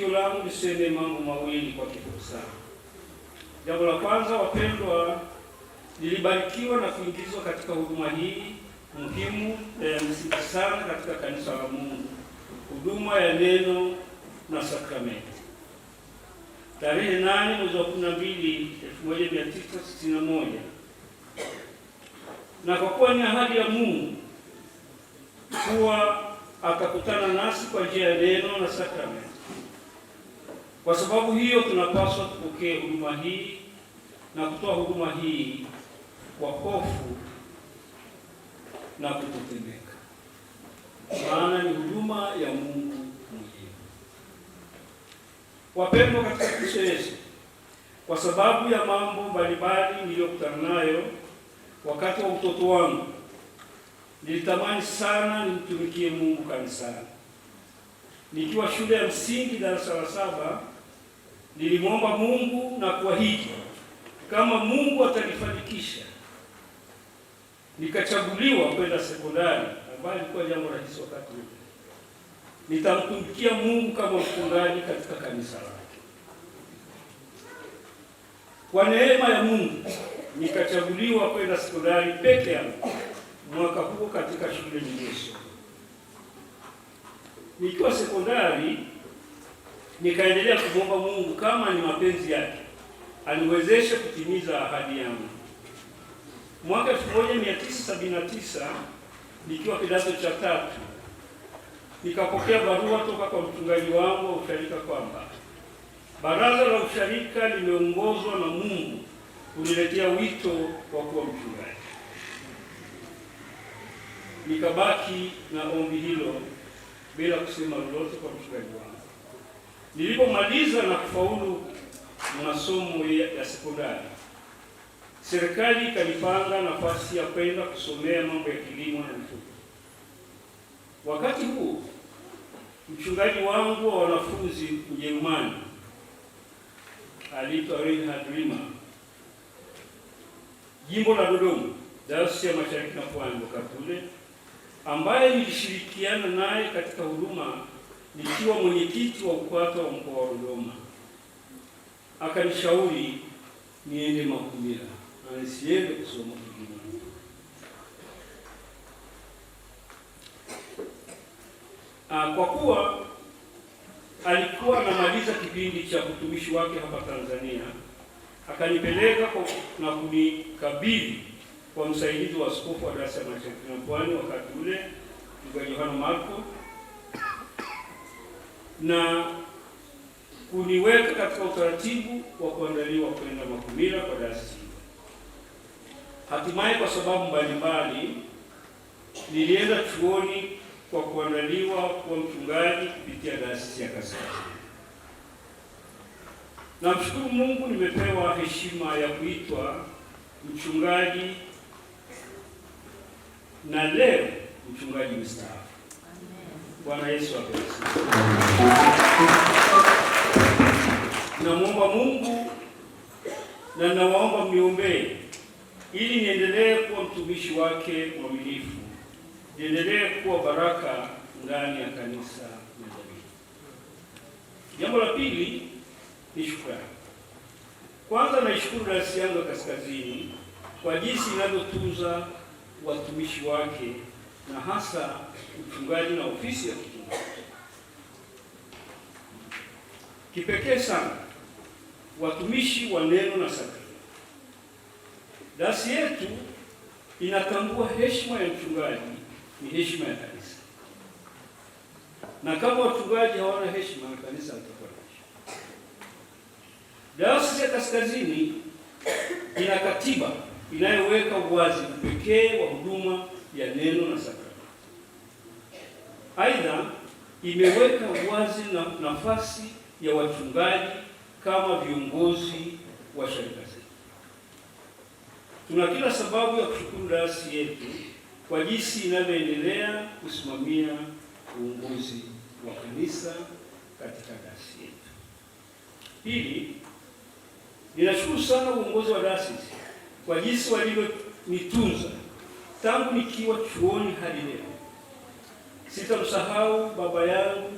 sikio langu niseme mambo mawili kwa kifupi sana. Jambo la kwanza, wapendwa, nilibarikiwa na kuingizwa katika huduma hii muhimu na ya msingi sana katika kanisa la Mungu, huduma ya neno na sakramenti. Tarehe nane mwezi wa kumi na mbili elfu moja mia tisa sitini na moja na kwa kuwa ni ahadi ya Mungu kuwa atakutana nasi kwa njia ya neno na sakramenti kwa sababu hiyo, tunapaswa tupokee huduma hii na kutoa huduma hii kwa hofu na kutetemeka, maana ni huduma ya Mungu mwenyewe. Wapendwa katika Kristo Yesu, kwa sababu ya mambo mbalimbali niliyokutana nayo wakati wa utoto wangu, nilitamani sana nimtumikie Mungu kanisani. Nikiwa shule ya msingi darasa la saba Nilimwomba Mungu na kuahidi kama Mungu atanifanikisha nikachaguliwa kwenda sekondari, ambayo ilikuwa jambo rahisi wakati ule, nitamtumikia Mungu kama mchungaji katika kanisa lake. Kwa neema ya Mungu nikachaguliwa kwenda sekondari peke yangu mwaka huo katika shule nyinginezo. Nikiwa sekondari nikaendelea kumwomba Mungu kama ni mapenzi yake aniwezeshe kutimiza ahadi yangu. Mwaka 1979 nikiwa kidato cha tatu, nikapokea barua toka kwa mchungaji wangu wa usharika kwamba baraza la usharika limeongozwa na Mungu kuniletea wito wa kuwa mchungaji. Nikabaki na ombi hilo bila kusema lolote kwa mchungaji wangu. Nilipomaliza na kufaulu masomo ya sekondari, serikali ikanipanga nafasi ya kwenda kusomea mambo ya kilimo na mifugo. Wakati huo mchungaji wangu wa wanafunzi mjerumani aliitwa Reinhard Rima, jimbo la Dodoma, dayosisi ya Mashariki na Pwani, wakati ule ambaye nilishirikiana naye katika huduma nikiwa mwenyekiti wa UKWATA wa mkoa wa Dodoma, akanishauri niende Makumira na nisiende kusoma Kigoma. Ah, kwa kuwa alikuwa anamaliza kipindi cha utumishi wake hapa Tanzania, akanipeleka na kunikabidhi kwa msaidizi wa askofu wa Dar es Salaam na Pwani wakati ule, Mchungaji Yohana Marko na kuniweka katika utaratibu wa kuandaliwa kwenda Makumira kwa dayosisi. Hatimaye, kwa sababu mbalimbali, nilienda chuoni kwa kuandaliwa kuwa mchungaji kupitia dayosisi ya na Namshukuru Mungu, nimepewa heshima ya kuitwa mchungaji na leo mchungaji mstaafu. Bwana Yesu apewe. Namwomba Mungu na nawaomba mniombee ili niendelee kuwa mtumishi wake mwaminifu, niendelee kuwa baraka ndani ya kanisa la jamii. Jambo la pili ni shukrani. Kwanza naishukuru Dayosisi yangu ya Kaskazini kwa jinsi inavyotunza watumishi wake na hasa mchungaji na ofisi ya mchungaji. Kipekee sana watumishi wa neno na sakramenti. Dasi yetu inatambua heshima ya mchungaji ni heshima ya kanisa, na kama wachungaji hawana heshima, kanisa litakuwa na heshima. Dayosisi ya Kaskazini ina katiba inayoweka uwazi upekee wa huduma ya neno na sakramenti. Aidha, imeweka wazi na nafasi ya wachungaji kama viongozi wa sharika zetu. Tuna kila sababu ya kushukuru dayosisi yetu kwa jinsi inavyoendelea kusimamia uongozi wa kanisa katika dayosisi yetu. Pili, ninashukuru sana uongozi wa dayosisi kwa jinsi walivyonitunza Tangu nikiwa chuoni hadi leo sitamsahau baba yangu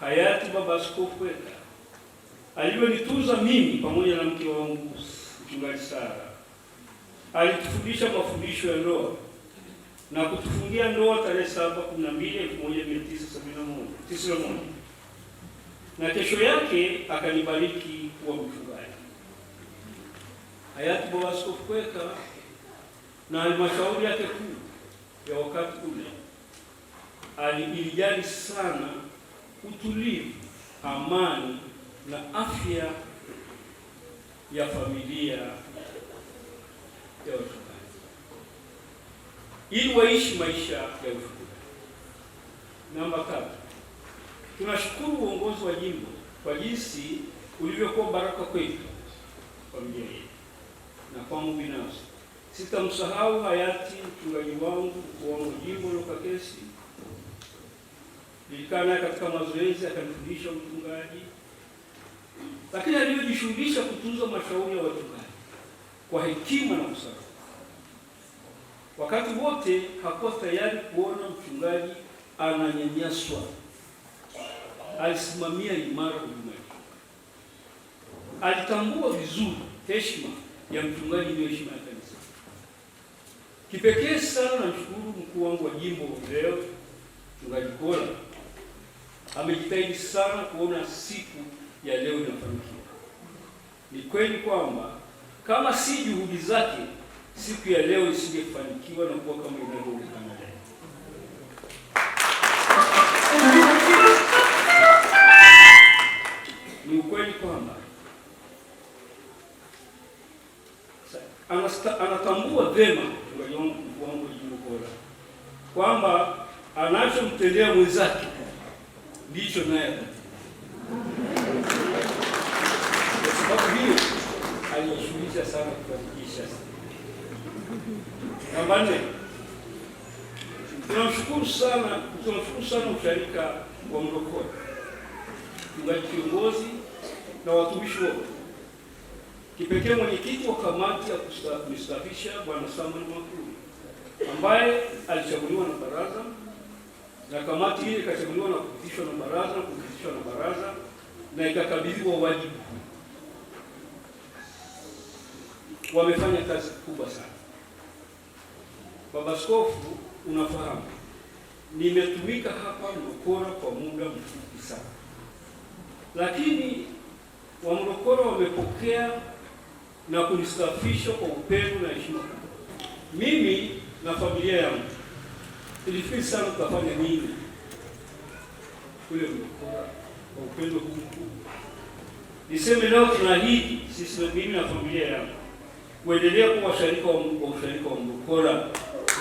hayati Baba Askofu Pweka aliyenitunza mimi pamoja na mke wangu Mchungaji Sara. Alitufundisha mafundisho ya ndoa na kutufungia ndoa tarehe mia tisa sabini na kesho yake akanibariki kuwa mchungaji. Hayati Baba Askofu Kweka na halmashauri yake kuu ya wakati ule aliilijali sana utulivu, amani na afya ya familia ya wachungaji ili waishi maisha ya uchungaji. Namba tatu, tunashukuru uongozi wa jimbo kwa jinsi ulivyokuwa baraka kwetu, familia yetu na kwangu binafsi Sitamsahau hayati mchungaji wangu wa Mujibu Lokakesi. Nilikana katika mazoezi akanifundisha utungaji, lakini aliyojishughulisha kutunza mashauri ya wachungaji kwa hekima na busara. Wakati wote hakuwa tayari kuona mchungaji ananyanyaswa, alisimamia imara huduma. Alitambua vizuri heshima ya mchungaji ndio heshima Kipekee sana namshukuru mkuu wangu wa jimbo leo Mchungaji Kola amejitahidi sana kuona siku ya leo inafanikiwa. Ni kweli kwamba kama si juhudi zake siku ya leo isingefanikiwa na kuwa kama inavyoonekana leo. Ni ukweli kwamba anatambua vema wangu juu bora kwamba anachomtendea mwenzake ndicho naye kwa sababu hiyo alijishughulisha sana kufanikisha. Namba nne, tunamshukuru sana tunamshukuru sana usharika wa mrokoa tunga kiongozi na watumishi wote Kipekee mwenyekiti wa kamati ya kustaafisha Bwana Samuel Makrumi ambaye alichaguliwa na baraza na kamati hii ikachaguliwa na kupitishwa na baraza na kupitishwa na baraza na ikakabidhiwa wajibu. Wamefanya kazi kubwa sana. Baba Skofu, unafahamu nimetumika hapa Mlokora kwa muda mfupi sana, lakini Wamlokora wamepokea na kunistafisha kwa upendo na heshima. Mimi na familia yangu nilifikiri sana tutafanya nini kule kwa upendo huu mkubwa. Niseme leo tunaahidi sisi, mimi na familia yangu, kuendelea kuwa washarika wa mkoa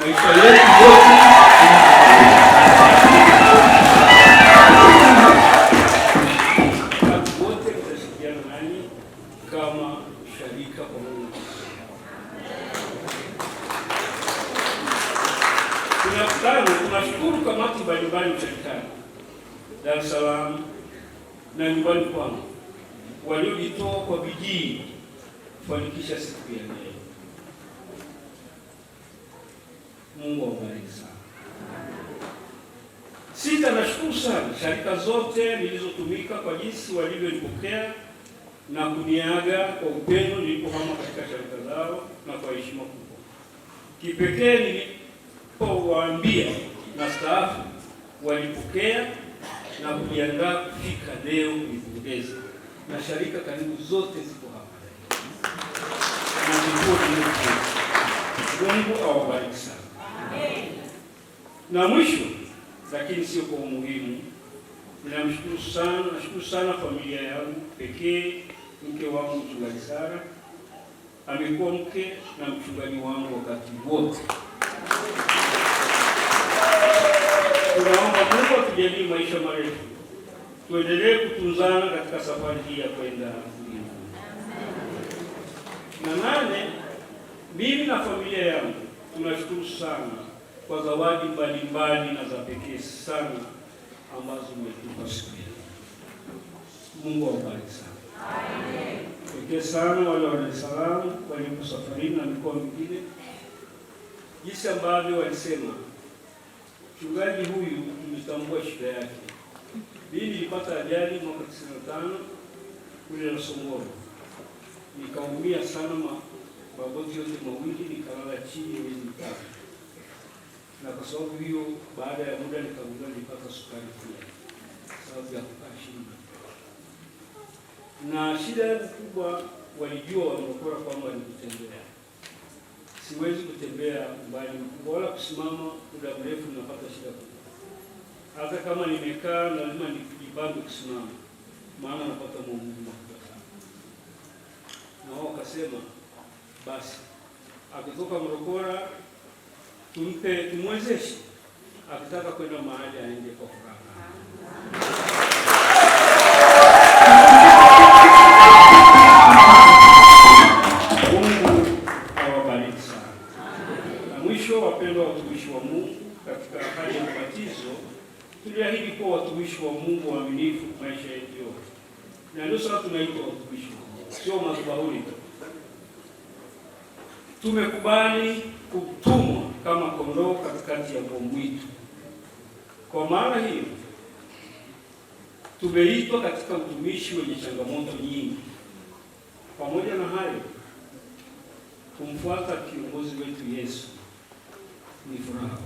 maisha yetu yote. siku Mungu awabariki sana. Sita, nashukuru sana sharika zote zilizotumika kwa jinsi walivyonipokea na kuniaga kwa upendo nilipohama katika sharika zao na kwa heshima kubwa. Kipekee nilipowaambia na staafu, walipokea na kuniaga kufika leo. Nipongeze na sharika karibu zote ziko Mungu awabariki sana. Na mwisho lakini sio kwa umuhimu, ninamshukuru sana, nashukuru sana familia yangu pekee, mke wangu mchungaji Sara amekuwa mke na mchungaji wangu wakati wote. Tunaomba Mungu atujalie maisha marefu, tuendelee kutunzana katika safari hii ya kwenda na nane, mimi na familia yangu tunashukuru sana kwa zawadi mbalimbali na za pekee sana ambazo umetupa siku hii. Mungu awabariki sana. Amen. Pekee sana wale wa Dar es Salaam walioko safarini na mikoa mingine, jinsi ambavyo walisema mchungaji huyu tumetambua shida yake. Mimi nilipata ajali mwaka 95 kule Nasongoro nikaumia sana magonjwa yote mawili, nikalala chini miezi mitatu, na kwa sababu hiyo, baada ya muda nikagundua nipata sukari pia, sababu ya kukaa shida. Na shida yangu kubwa, walijua wamekora kwamba ni kutembea. Siwezi kutembea umbali mkubwa wala kusimama muda mrefu, napata shida kubwa. Hata kama nimekaa, lazima nijipange kusimama, maana napata maumivu akasema basi akitoka Mrokora tumpe, tumwezeshe akitaka kwenda mahali aende kwa furaha. kondoo katikati ya mbomwitu. Kwa maana hiyo, tumeitwa katika utumishi wenye changamoto nyingi. Pamoja na hayo, kumfuata kiongozi wetu Yesu ni furaha